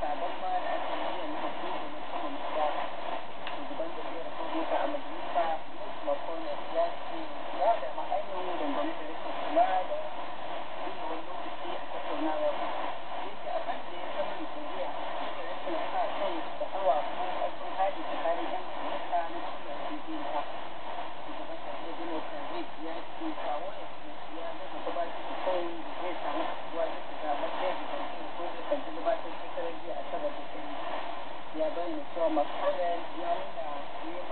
Sabang 别的，你说嘛？对不对？